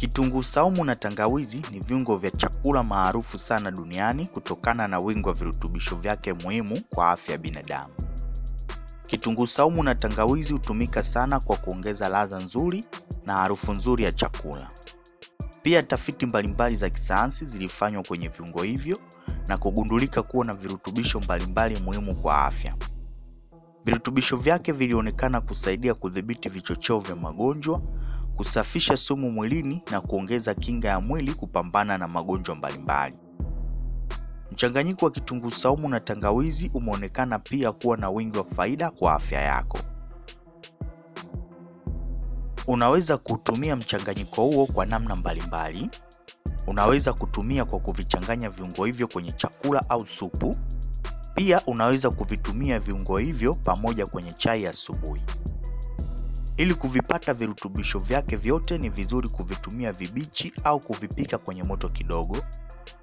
Kitunguu saumu na tangawizi ni viungo vya chakula maarufu sana duniani kutokana na wingi wa virutubisho vyake muhimu kwa afya ya binadamu. Kitunguu saumu na tangawizi hutumika sana kwa kuongeza ladha nzuri na harufu nzuri ya chakula. Pia tafiti mbalimbali za kisayansi zilifanywa kwenye viungo hivyo na kugundulika kuwa na virutubisho mbalimbali muhimu kwa afya. Virutubisho vyake vilionekana kusaidia kudhibiti vichocheo vya magonjwa kusafisha sumu mwilini na kuongeza kinga ya mwili kupambana na magonjwa mbalimbali. Mchanganyiko wa kitunguu saumu na tangawizi umeonekana pia kuwa na wingi wa faida kwa afya yako. Unaweza kutumia mchanganyiko huo kwa namna mbalimbali. Unaweza kutumia kwa kuvichanganya viungo hivyo kwenye chakula au supu. Pia unaweza kuvitumia viungo hivyo pamoja kwenye chai asubuhi. Ili kuvipata virutubisho vyake vyote ni vizuri kuvitumia vibichi au kuvipika kwenye moto kidogo.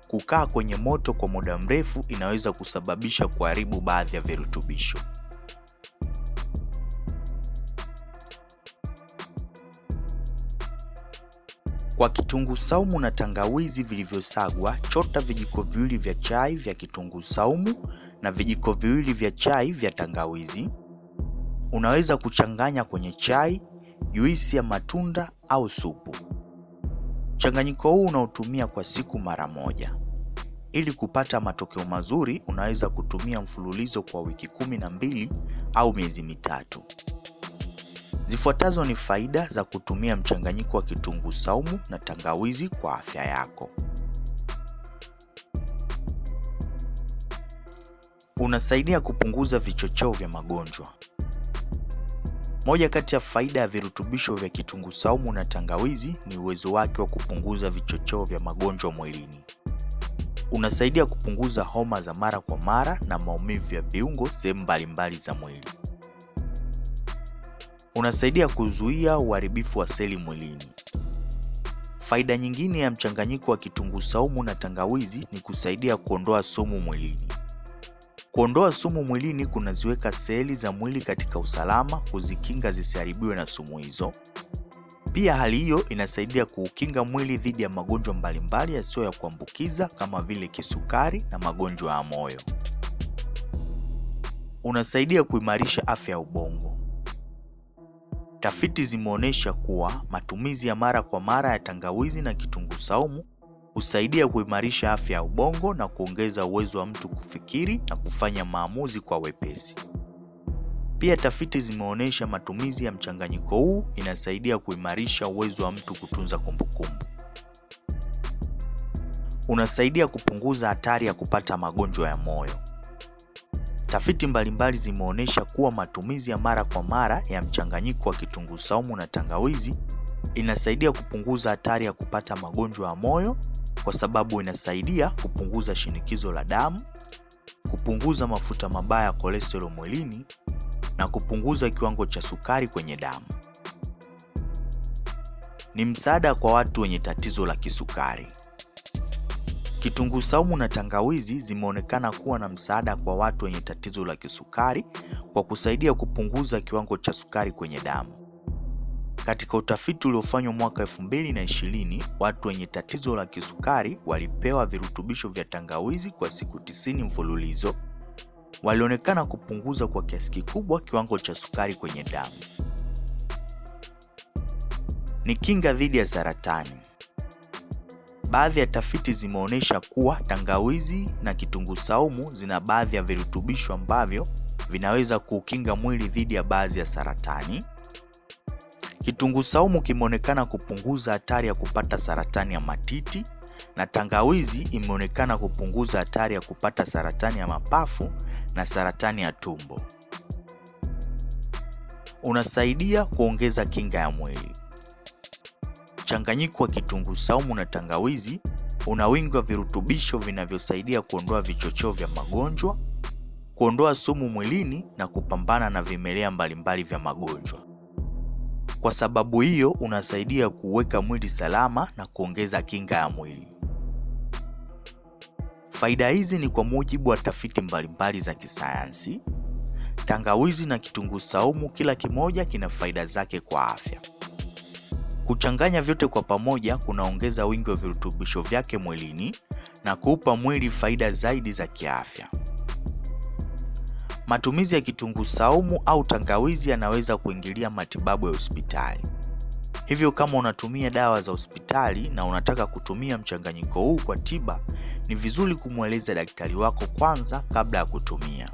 Kukaa kwenye moto kwa muda mrefu inaweza kusababisha kuharibu baadhi ya virutubisho. Kwa kitunguu saumu na tangawizi vilivyosagwa, chota vijiko viwili vya chai vya kitunguu saumu na vijiko viwili vya chai vya tangawizi. Unaweza kuchanganya kwenye chai, juisi ya matunda au supu. Mchanganyiko huu unaotumia kwa siku mara moja. Ili kupata matokeo mazuri, unaweza kutumia mfululizo kwa wiki kumi na mbili au miezi mitatu. Zifuatazo ni faida za kutumia mchanganyiko wa kitunguu saumu na tangawizi kwa afya yako. Unasaidia kupunguza vichocheo vya magonjwa. Moja kati ya faida ya virutubisho vya kitunguu saumu na tangawizi ni uwezo wake wa kupunguza vichocheo vya magonjwa mwilini. Unasaidia kupunguza homa za mara kwa mara na maumivu ya viungo sehemu mbalimbali za mwili. Unasaidia kuzuia uharibifu wa seli mwilini. Faida nyingine ya mchanganyiko wa kitunguu saumu na tangawizi ni kusaidia kuondoa sumu mwilini. Kuondoa sumu mwilini kunaziweka seli za mwili katika usalama, kuzikinga zisiharibiwe na sumu hizo. Pia hali hiyo inasaidia kuukinga mwili dhidi ya magonjwa mbalimbali yasiyo ya kuambukiza kama vile kisukari na magonjwa ya moyo. Unasaidia kuimarisha afya ya ubongo. Tafiti zimeonyesha kuwa matumizi ya mara kwa mara ya tangawizi na kitunguu saumu husaidia kuimarisha afya ya ubongo na kuongeza uwezo wa mtu kufikiri na kufanya maamuzi kwa wepesi. Pia tafiti zimeonyesha matumizi ya mchanganyiko huu inasaidia kuimarisha uwezo wa mtu kutunza kumbukumbu. Unasaidia kupunguza hatari ya kupata magonjwa ya moyo. Tafiti mbalimbali zimeonyesha kuwa matumizi ya mara kwa mara ya mchanganyiko wa kitunguu saumu na tangawizi inasaidia kupunguza hatari ya kupata magonjwa ya moyo kwa sababu inasaidia kupunguza shinikizo la damu, kupunguza mafuta mabaya kolesterol mwilini na kupunguza kiwango cha sukari kwenye damu. Ni msaada kwa watu wenye tatizo la kisukari. Kitunguu saumu na tangawizi zimeonekana kuwa na msaada kwa watu wenye tatizo la kisukari kwa kusaidia kupunguza kiwango cha sukari kwenye damu. Katika utafiti uliofanywa mwaka 2020, watu wenye tatizo la kisukari walipewa virutubisho vya tangawizi kwa siku tisini mfululizo. Walionekana kupunguza kwa kiasi kikubwa kiwango cha sukari kwenye damu. Ni kinga dhidi ya saratani. Baadhi ya tafiti zimeonyesha kuwa tangawizi na kitunguu saumu zina baadhi ya virutubisho ambavyo vinaweza kuukinga mwili dhidi ya baadhi ya saratani. Kitunguu saumu kimeonekana kupunguza hatari ya kupata saratani ya matiti na tangawizi imeonekana kupunguza hatari ya kupata saratani ya mapafu na saratani ya tumbo. Unasaidia kuongeza kinga ya mwili. Mchanganyiko wa kitunguu saumu na tangawizi una wingi wa virutubisho vinavyosaidia kuondoa vichocheo vya magonjwa, kuondoa sumu mwilini na kupambana na vimelea mbalimbali vya magonjwa. Kwa sababu hiyo unasaidia kuweka mwili salama na kuongeza kinga ya mwili. Faida hizi ni kwa mujibu wa tafiti mbalimbali za kisayansi. Tangawizi na kitunguu saumu kila kimoja kina faida zake kwa afya. Kuchanganya vyote kwa pamoja kunaongeza wingi wa virutubisho vyake mwilini na kuupa mwili faida zaidi za kiafya. Matumizi ya kitunguu saumu au tangawizi yanaweza kuingilia matibabu ya hospitali. Hivyo kama unatumia dawa za hospitali na unataka kutumia mchanganyiko huu kwa tiba, ni vizuri kumweleza daktari wako kwanza kabla ya kutumia.